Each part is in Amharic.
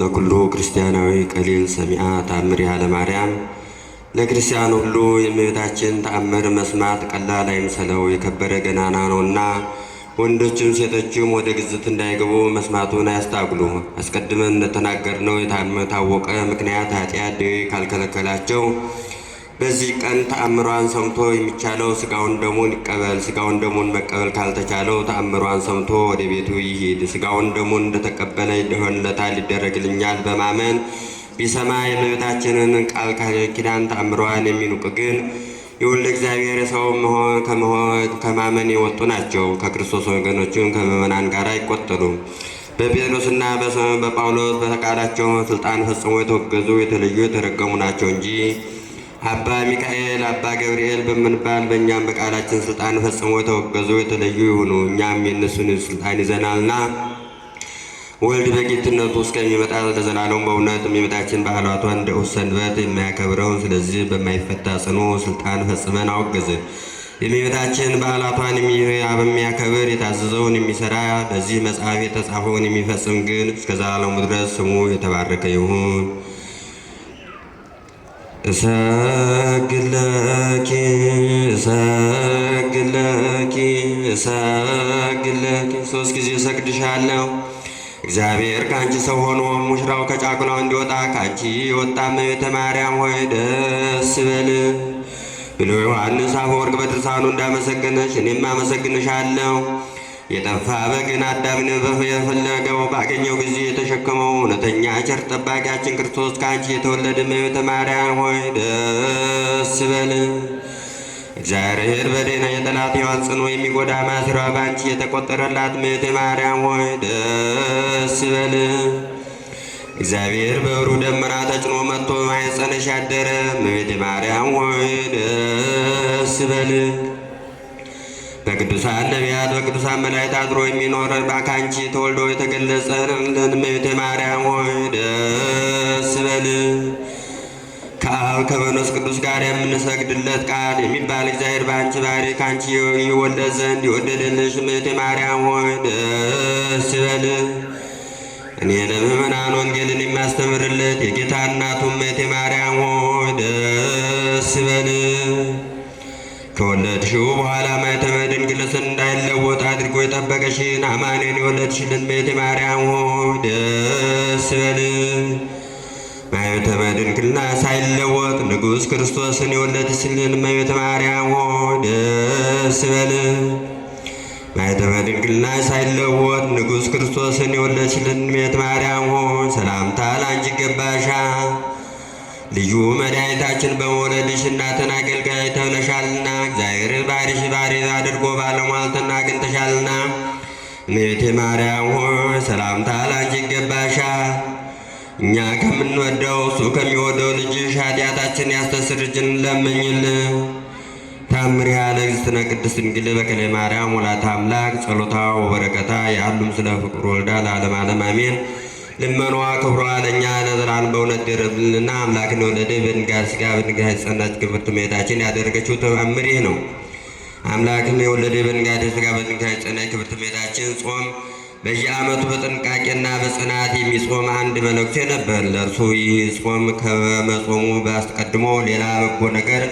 ለኩሉ ክርስቲያናዊ ቀሊል ሰሚያ ታምር ማርያም ለክርስቲያን ሁሉ የእመቤታችን ተአምር መስማት ቀላል አይምሰለው የከበረ ገናና ነውና ወንዶችም ሴቶችም ወደ ግዝት እንዳይገቡ መስማቱን አያስታጉሉ። አስቀድመን እንደተናገርነው የታወቀ ምክንያት ኃጢአት ካልከለከላቸው በዚህ ቀን ተአምሯን ሰምቶ የሚቻለው ስጋውን ደሙን ይቀበል። ስጋውን ደሙን መቀበል ካልተቻለው ተአምሯን ሰምቶ ወደ ቤቱ ይሄድ ስጋውን ደሙን እንደተቀበለ ይሆንለታል፣ ይደረግልኛል በማመን ቢሰማ የእመቤታችንን ቃል ኪዳን ተአምሯን የሚንቁ ግን የወልደ እግዚአብሔር ሰው ከማመን የወጡ ናቸው። ከክርስቶስ ወገኖችን ከምዕመናን ጋር አይቆጠሩም። በጴጥሮስና በጳውሎስ በተቃላቸው ስልጣን ፈጽሞ የተወገዙ የተለዩ የተረገሙ ናቸው እንጂ አባ ሚካኤል፣ አባ ገብርኤል በምንባል በእኛም በቃላችን ስልጣን ፈጽሞ የተወገዙ የተለዩ ይሁኑ። እኛም የእነሱን ስልጣን ይዘናልና ወልድ በጌትነቱ እስከሚመጣ ለዘላለሙ በእውነት የሚመጣችን በዓላቷን እንደ ዑስ ሰንበት የማያከብረው ስለዚህ በማይፈታ ጽኑ ስልጣን ፈጽመን አወገዝ የሚመጣችን በዓላቷን በሚያከብር የታዘዘውን የሚሰራ በዚህ መጽሐፍ የተጻፈውን የሚፈጽም ግን እስከ ዘላለሙ ድረስ ስሙ የተባረከ ይሁን። እሰግድለኪ እሰግድለኪ እሰግድለኪ ሶስት ጊዜ እሰግድሻለሁ። እግዚአብሔር ከአንቺ ሰው ሆኖ ሙሽራው ከጫጉላው እንዲወጣ ከአንቺ የወጣ እመቤተ ማርያም ሆይ ደስ ይበል ብሎ ዮሐንስ አፈወርቅ በድርሳኑ እንዳመሰገነች እኔም አመሰግንሻለሁ። የጠፋ በግን አዳምን የፈለገው ባገኘው ጊዜ የተሸከመው እውነተኛ ቸር ጠባቂያችን ክርስቶስ ከአንቺ የተወለደ እመቤተ ማርያም ሆይ ደስ በል። እግዚአብሔር በደህና የጠላት ሕይወት ጽኖ የሚጎዳ ማስሯ በአንቺ የተቆጠረላት እመቤተ ማርያም ሆይ ደስ በል። እግዚአብሔር በብሩህ ደመና ተጭኖ መጥቶ ማኅፀንሽ ያደረ እመቤተ ማርያም ሆይ ደስ በል። ቅዱሳን ነቢያት በቅዱሳን መላእክት አድሮ የሚኖር በአንቺ ተወልዶ የተገለጸ እመቤተ ማርያም ሆይ ደስ በልን። ከአብ ከመንፈስ ቅዱስ ጋር የምንሰግድለት ቃል የሚባል እግዚአብሔር በአንቺ ባህሪ ከአንቺ ይወለድ ዘንድ የወደደልሽ እመቤተ ማርያም ሆይ ደስ በልን። እኔ ለምእመናን ወንጌልን የሚያስተምርለት የጌታ እናቱ እመቤተ ማርያም ሆይ ደስ በልን። ከወለድሽው በኋላ ማይተ ምስል እንዳይለወጥ አድርጎ የጠበቀሽን አማኔን የወለድሽልን ቤተ ማርያም ሆይ ደስ በልን። እመቤተ መድንግልና ሳይለወጥ ንጉሥ ክርስቶስን የወለድሽልን እመቤተ ማርያም ሆይ ደስ በልን። እመቤተ መድንግልና ሳይለወጥ ንጉሥ ክርስቶስን የወለድሽልን ቤተ ማርያም ሆይ ሰላምታ ላንቺ ይገባሻል። ልዩ መድኃኒታችን በመሆነ ልሽ እናትን ተብለሻልና እግዚአብሔር ባሪሽ ባሪ አድርጎ ባለሟልትና አግኝተሻልና እመቤቴ ማርያም ሆይ ሰላምታ ላንቺ ይገባሻል። እኛ ከምንወደው እሱ ከሚወደው ልጅሽ ኃጢአታችን ያስተሰርጅን ለምኝልን። ታምሪሃ ለእግዝእትነ ቅድስት ድንግል በከለ ማርያም ወላት አምላክ ጸሎታ ወበረከታ የአሉም ስለ ፍቅሩ ወልዳ ለዓለም ዓለም አሜን። ልመኗዋ ክብሯ ለእኛ ለዘላን በእውነት ድረብልንና አምላክን ወለደ በድንጋ ስጋ በድንጋ ጸናች ክብርት እመቤታችን ያደረገችው ተአምር ይህ ነው። አምላክን የወለደ በድንጋ ስጋ በድንጋ ጸናች ክብርት እመቤታችን ጾም በየዓመቱ በጥንቃቄና በጽናት የሚጾም አንድ መነኩሴ ነበር። ለእርሱ ይህ ጾም ከመጾሙ አስቀድሞ ሌላ በጎ ነገር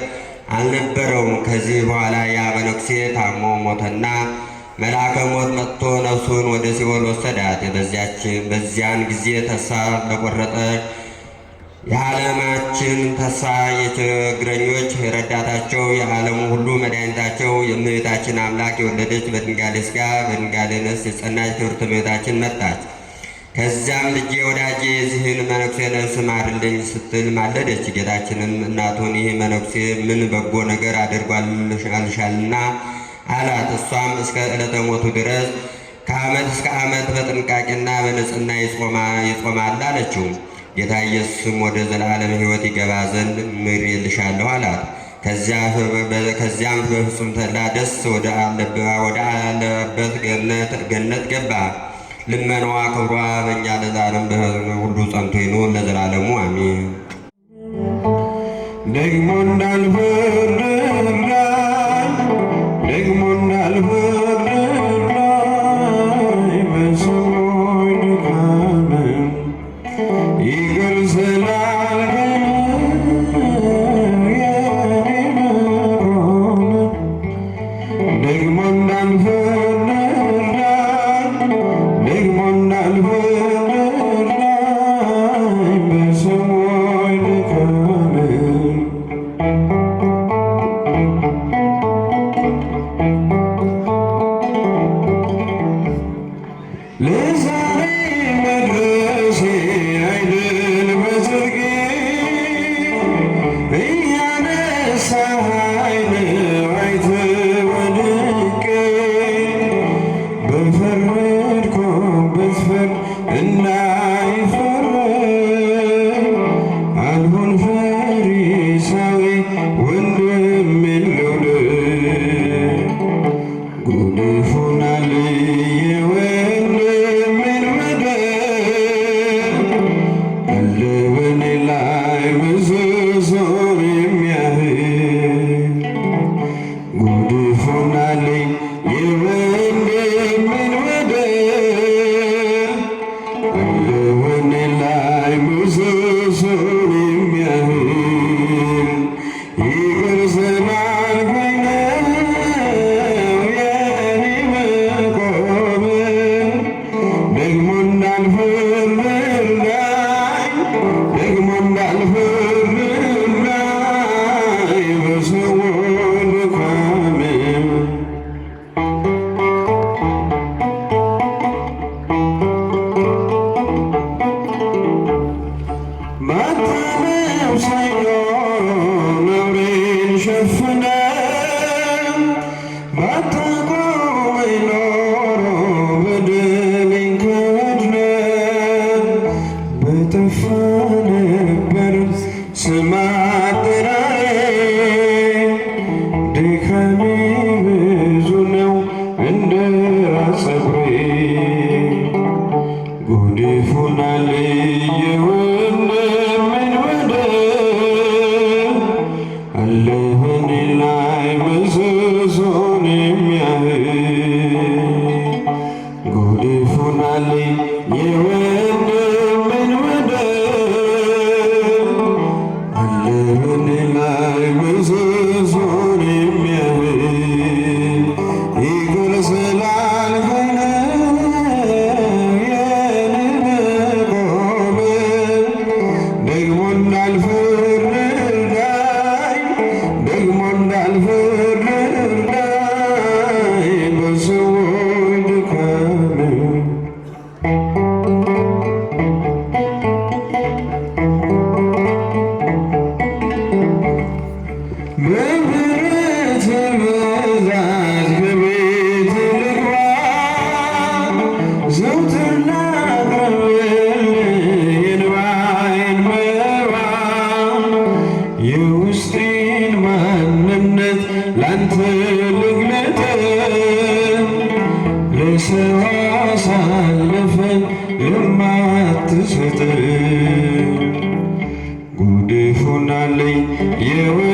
አልነበረውም። ከዚህ በኋላ ያ መነኩሴ ታሞ ሞተና መልአከ ሞት መጥቶ ነፍሱን ወደ ሲኦል ወሰዳት። በዚያች በዚያን ጊዜ ተስፋ ለቆረጠ የዓለማችን ተስፋ የችግረኞች ረዳታቸው የዓለሙ ሁሉ መድኃኒታቸው የእመቤታችን አምላክ የወለደች በድንጋሌ ሥጋ በድንጋሌ ነፍስ የጸናች ክብርት እመቤታችን መጣች። ከዚያም ልጄ ወዳጄ የዚህን መነኩሴ ነፍስ ማርልኝ ስትል ማለደች። ጌታችንም እናቱን ይህ መነኩሴ ምን በጎ ነገር አድርጓልሻልና አላት። እሷም እስከ ዕለተ ሞቱ ድረስ ከዓመት እስከ ዓመት በጥንቃቄና በንጽህና ይጾማል አለችው። ጌታ ኢየሱስም ወደ ዘላለም ሕይወት ይገባ ዘንድ ምሬልሻለሁ አላት። ከዚያም በፍጹም ተላ ደስ ወደ አለበት ገነት ገባ። ልመናዋ ክብሯ በእኛ ለዛለም በሁሉ ጸንቶ ይኑር ለዘላለሙ አሚን። ደግሞ እንዳልበር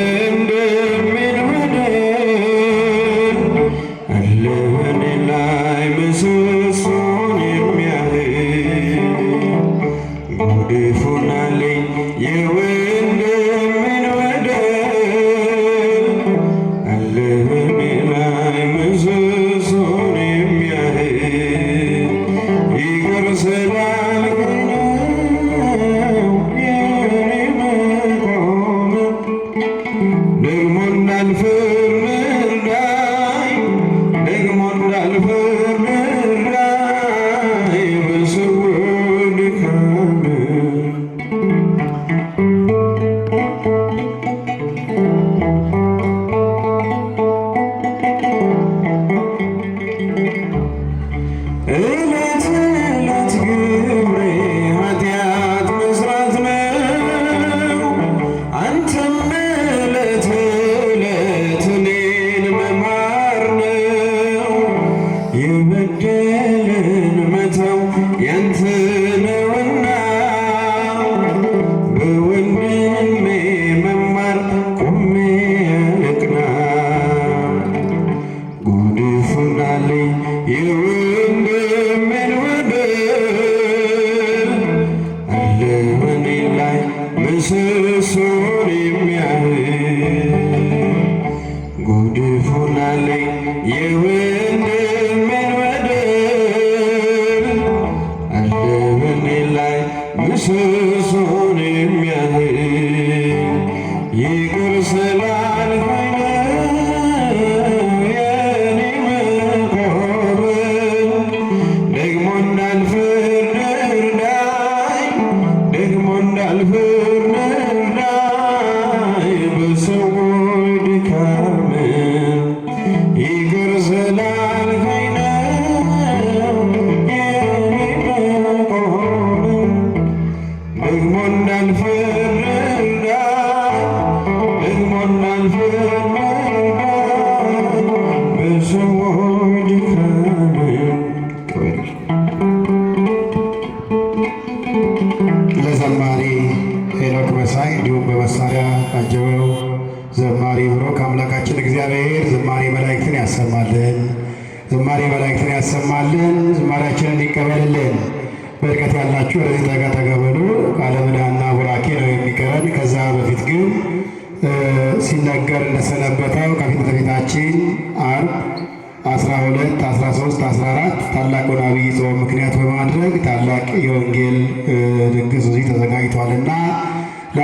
name. Valley, you በርቀት ያላችሁ ወደዚህ ጠጋ ተገበሉ። ቃለ ቡራኬ ነው የሚቀረን። ከዛ በፊት ግን ሲነገር እንደሰነበተው ከፊት ለፊታችን አርብ 12፣ 13፣ 14 ታላቁን አብይ ጾም ምክንያት በማድረግ ታላቅ የወንጌል ድግስ እዚህ ተዘጋጅቷልና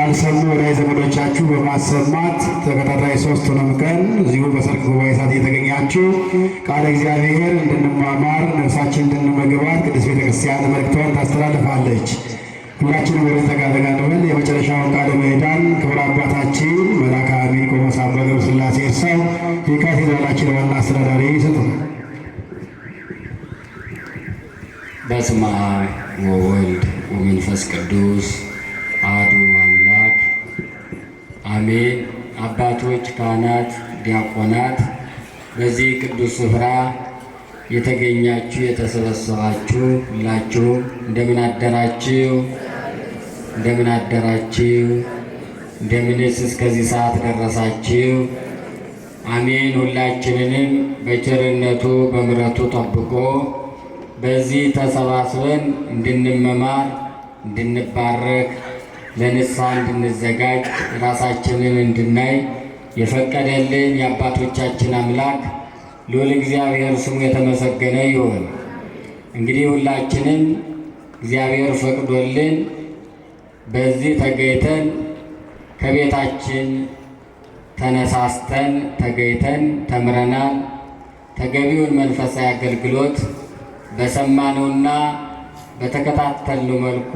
ያልሰሙ ወዳጅ ዘመዶቻችሁ በማሰማት ተከታታይ ሶስቱንም ቀን እዚሁ በሰርክ ጉባኤ ሰዓት እየተገኛችሁ ቃለ እግዚአብሔር እንድንማማር ነፍሳችን እንድንመግባት ቅዱስ ቤተክርስቲያን ክርስቲያን መልእክቷን ታስተላልፋለች። ሁላችንም ወደ ንበል የመጨረሻውን ቃለ ምዕዳን ክብረ አባታችን መልአከ አሚን ቆሞስ አባ ገብረስላሴ እርሳው የካቴድራላችን ዋና አስተዳዳሪ ይሰጡ። በስመ አብ ወወልድ ወመንፈስ ቅዱስ አሐዱ አሜን። አባቶች፣ ካህናት፣ ዲያቆናት በዚህ ቅዱስ ስፍራ የተገኛችሁ የተሰበሰባችሁ ሁላችሁ እንደምን አደራችሁ? እንደምን አደራችሁ? እንደምንስ እስከዚህ ሰዓት ደረሳችሁ? አሜን። ሁላችንንም በቸርነቱ በምረቱ ጠብቆ በዚህ ተሰባስበን እንድንመማር እንድንባረክ ለንስሐ እንድንዘጋጅ ራሳችንን እንድናይ የፈቀደልን የአባቶቻችን አምላክ ልዑል እግዚአብሔር ስሙ የተመሰገነ ይሁን። እንግዲህ ሁላችንም እግዚአብሔር ፈቅዶልን በዚህ ተገይተን ከቤታችን ተነሳስተን ተገይተን ተምረናል። ተገቢውን መንፈሳዊ አገልግሎት በሰማነውና በተከታተልነው መልኩ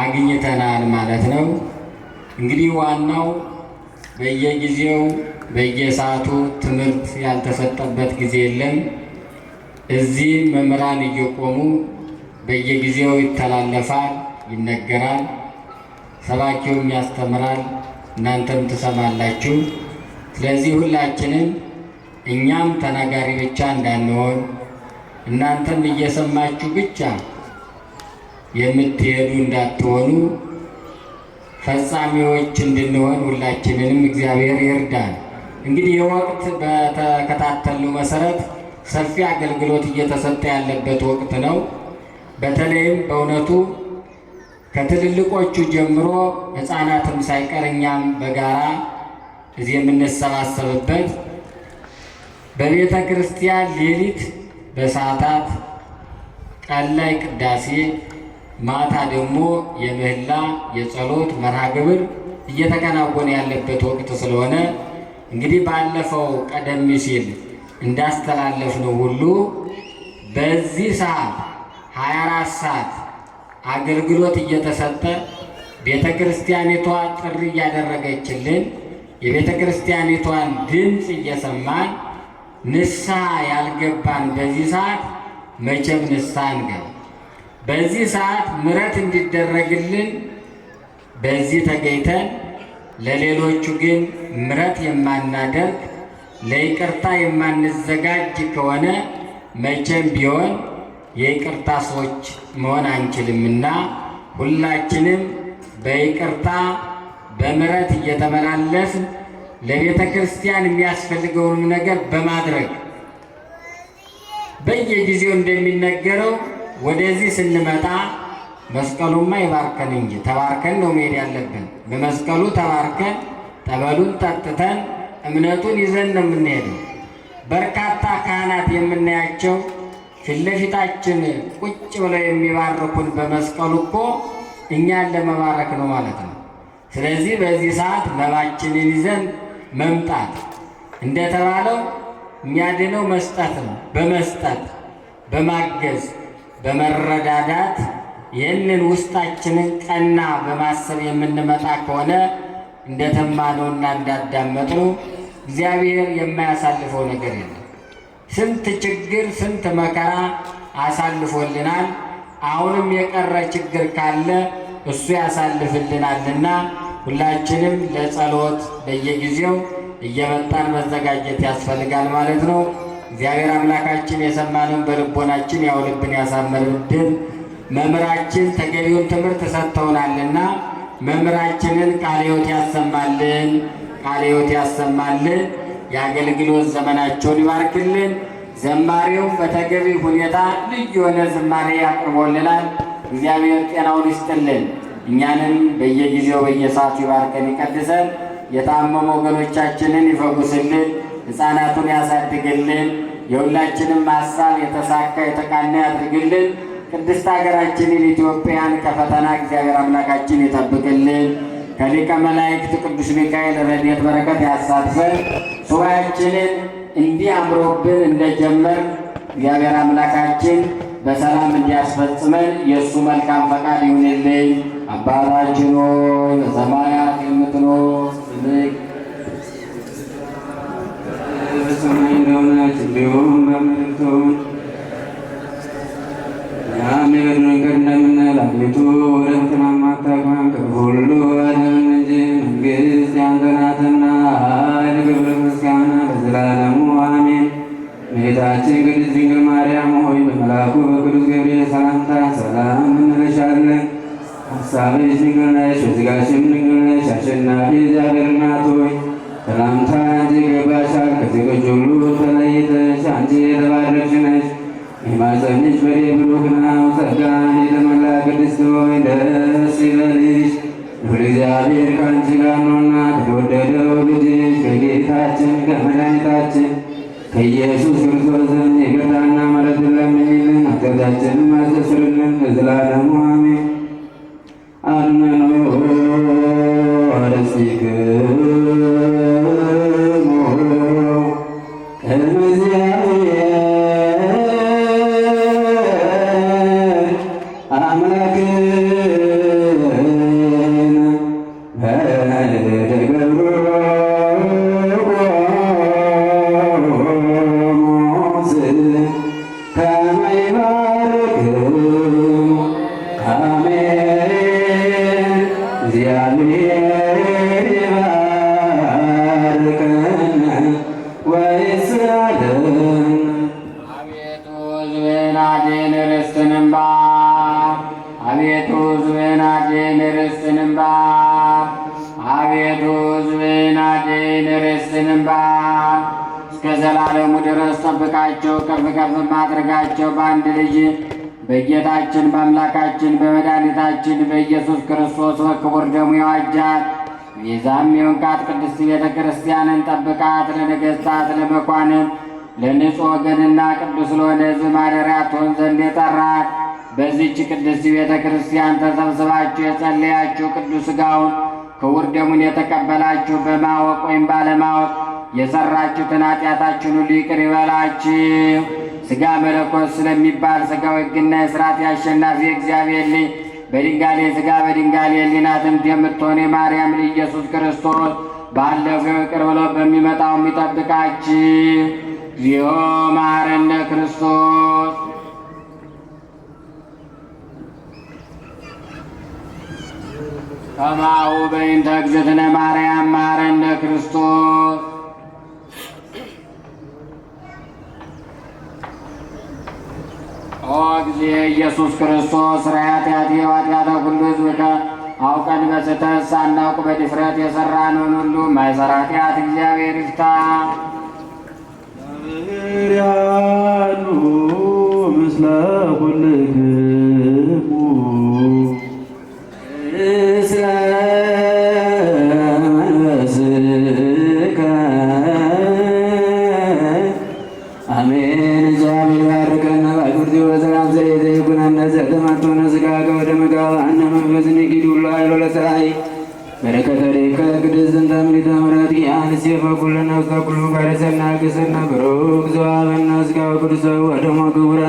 አግኝተናል ማለት ነው። እንግዲህ ዋናው በየጊዜው በየሰዓቱ ትምህርት ያልተሰጠበት ጊዜ የለም። እዚህ መምህራን እየቆሙ በየጊዜው ይተላለፋል፣ ይነገራል፣ ሰባኪውም ያስተምራል፣ እናንተም ትሰማላችሁ። ስለዚህ ሁላችንም እኛም ተናጋሪ ብቻ እንዳንሆን እናንተም እየሰማችሁ ብቻ የምትሄዱ እንዳትሆኑ ፈጻሚዎች እንድንሆን ሁላችንንም እግዚአብሔር ይርዳል። እንግዲህ የወቅት በተከታተሉ መሰረት ሰፊ አገልግሎት እየተሰጠ ያለበት ወቅት ነው። በተለይም በእውነቱ ከትልልቆቹ ጀምሮ ሕፃናትም ሳይቀር እኛም በጋራ እዚህ የምንሰባሰብበት በቤተ ክርስቲያን ሌሊት በሰዓታት ቀን ላይ ቅዳሴ ማታ ደግሞ የምህላ የጸሎት መርሃ ግብር እየተከናወነ ያለበት ወቅት ስለሆነ እንግዲህ ባለፈው ቀደም ሲል እንዳስተላለፍ ነው ሁሉ በዚህ ሰዓት 24 ሰዓት አገልግሎት እየተሰጠ ቤተ ክርስቲያኒቷ ጥሪ እያደረገችልን የቤተ ክርስቲያኒቷን ድምፅ እየሰማን ንስሐ ያልገባን በዚህ ሰዓት መቼም ንስሐ እንገባ በዚህ ሰዓት ምረት እንዲደረግልን በዚህ ተገኝተን ለሌሎቹ ግን ምረት የማናደርግ ለይቅርታ የማንዘጋጅ ከሆነ መቼም ቢሆን የይቅርታ ሰዎች መሆን አንችልምና ሁላችንም በይቅርታ በምረት እየተመላለስ ለቤተ ክርስቲያን የሚያስፈልገውንም ነገር በማድረግ በየጊዜው እንደሚነገረው ወደዚህ ስንመጣ መስቀሉማ ይባርከን እንጂ ተባርከን ነው መሄድ ያለብን። በመስቀሉ ተባርከን ጠበሉን ጠጥተን እምነቱን ይዘን ነው የምንሄደው። በርካታ ካህናት የምናያቸው ፊትለፊታችን ቁጭ ብለው የሚባርኩን በመስቀሉ እኮ እኛን ለመባረክ ነው ማለት ነው። ስለዚህ በዚህ ሰዓት መባችንን ይዘን መምጣት እንደተባለው የሚያድነው መስጠት ነው። በመስጠት በማገዝ በመረጋጋት ይህንን ውስጣችንን ቀና በማሰብ የምንመጣ ከሆነ እንደተማነውና እንዳዳመጥነው እግዚአብሔር የማያሳልፈው ነገር የለም። ስንት ችግር ስንት መከራ አሳልፎልናል። አሁንም የቀረ ችግር ካለ እሱ ያሳልፍልናልና ሁላችንም ለጸሎት በየጊዜው እየመጣን መዘጋጀት ያስፈልጋል ማለት ነው። እግዚአብሔር አምላካችን የሰማንን በልቦናችን ያውልብን ያሳምርብን። መምህራችን ተገቢውን ትምህርት ሰጥተውናልና መምህራችንን ቃለ ሕይወት ያሰማልን፣ ቃለ ሕይወት ያሰማልን። የአገልግሎት ዘመናቸውን ይባርክልን። ዘማሪው በተገቢ ሁኔታ ልዩ የሆነ ዝማሬ ያቅርቦልናል። እግዚአብሔር ጤናውን ይስጥልን። እኛንም በየጊዜው በየሰዓቱ ይባርከን፣ ይቀድሰን። የታመሙ ወገኖቻችንን ይፈጉስልን። ሕፃናቱን ያሳድግልን። የሁላችንም ሀሳብ የተሳካ የተቃና ያድርግልን። ቅድስት ሀገራችንን ኢትዮጵያን ከፈተና እግዚአብሔር አምላካችን ይጠብቅልን። ከሊቀ መላእክት ቅዱስ ሚካኤል ረድኤት በረከት ያሳትፈን። ሱባኤያችንን እንዲህ አምሮብን እንደጀመር እግዚአብሔር አምላካችን በሰላም እንዲያስፈጽመን የእሱ መልካም ፈቃድ ይሁንልኝ። አባታችን ሆይ በሰማያት የምትኖር በሰማይ ነውናት እንዲሁም በምድርቱም የአሜር ነገር እንደምን ላቤቱ ወደትን አማታቋን ከሁሉ አለምን እንጂ መንግስት ያንተ ናትና ኃይል፣ ክብር፣ ምስጋና ለዘላለሙ አሜን። እመቤታችን ቅድስት ድንግል ማርያም ሆይ በመልአኩ በቅዱስ ገብርኤል ሰላምታ ሰላም እንልሻለን። ሀሳብሽ ድንግል ነሽ፣ ሥጋሽም ድንግል ነሽ። አሸናፊ እግዚአብሔር እናት ሆይ ሰላምታ አንቺ ይገባሻል፣ ከሴቶች ሁሉ ተለይተሽ አንቺ የተባረክሽ ነሽ። የማኅፀንሽ ፍሬ ብሩክ ነው፣ ጸጋን የተመላ ቅድስት ሆይ ደስ ይበልሽ፣ ልዑል እግዚአብሔር ከአንቺ ጋር ነውና ከተወደደው ልጅሽ ከጌታችን ከመድኃኒታችን ከኢየሱስ ክርስቶስ ዘንድ ይቅርታና ምሕረትን ለምኝልን፣ ኃጢአታችንን አስተስርልን ለዘላለሙ አቤቱ ሕዝብህን አድን፣ አቤቱ ሕዝብህን አድን፣ እስከ ዘላለሙ ድረስ ጠብቃቸው፣ ከፍ ከፍም አድርጋቸው። በአንድ ልጅ በጌታችን በአምላካችን በመድኃኒታችን በኢየሱስ ክርስቶስ በክቡር ደሙ የዋጃት ቤዛም የሆንካት ቅድስት ቤተ ክርስቲያንን ጠብቃት። ለነገሥታት ለመኳንን ለንጹሕ ወገንና ቅዱስ ለሆነ ሕዝብ ማደሪያ ትሆን ዘንድ የጠራት በዚህች ቅድስት ቤተ ክርስቲያን ተሰብስባችሁ የጸለያችሁ ቅዱስ ሥጋውን ክቡር ደሙን የተቀበላችሁ በማወቅ ወይም ባለማወቅ የሰራችሁ ኃጢአታችሁን ሁሉ ይቅር ይበላችሁ። ሥጋ መለኮት ስለሚባል ሥጋው ሕግና የሥርዓት ያሸናፊ እግዚአብሔር ልጅ በድንጋሌ ሥጋ በድንጋሌ ሕሊና ትምት የምትሆን የማርያም ልጅ ኢየሱስ ክርስቶስ ባለፈው ይቅር ብሎ በሚመጣው የሚጠብቃችሁ ዚዮ መሐረነ ክርስቶስ ከማሁ በይንተ እግዝእትነ ማርያም ማረነ ክርስቶስ ኦ ጊዜ ኢየሱስ ክርስቶስ ራያት ያት የዋትያተ ሁሉ ህዝብ አውቀን በስተት ሳናውቅ በድፍረት የሰራነውን ሁሉ ማይሰራትያት እግዚአብሔር ይፍታ። ምስለ ኩልክም በኩልነ ውስተ ኩሉ ፈሪስና ቅስና ብሩክ ዘዋበና ስጋ ወቅዱሰ ወደሞ ክቡረ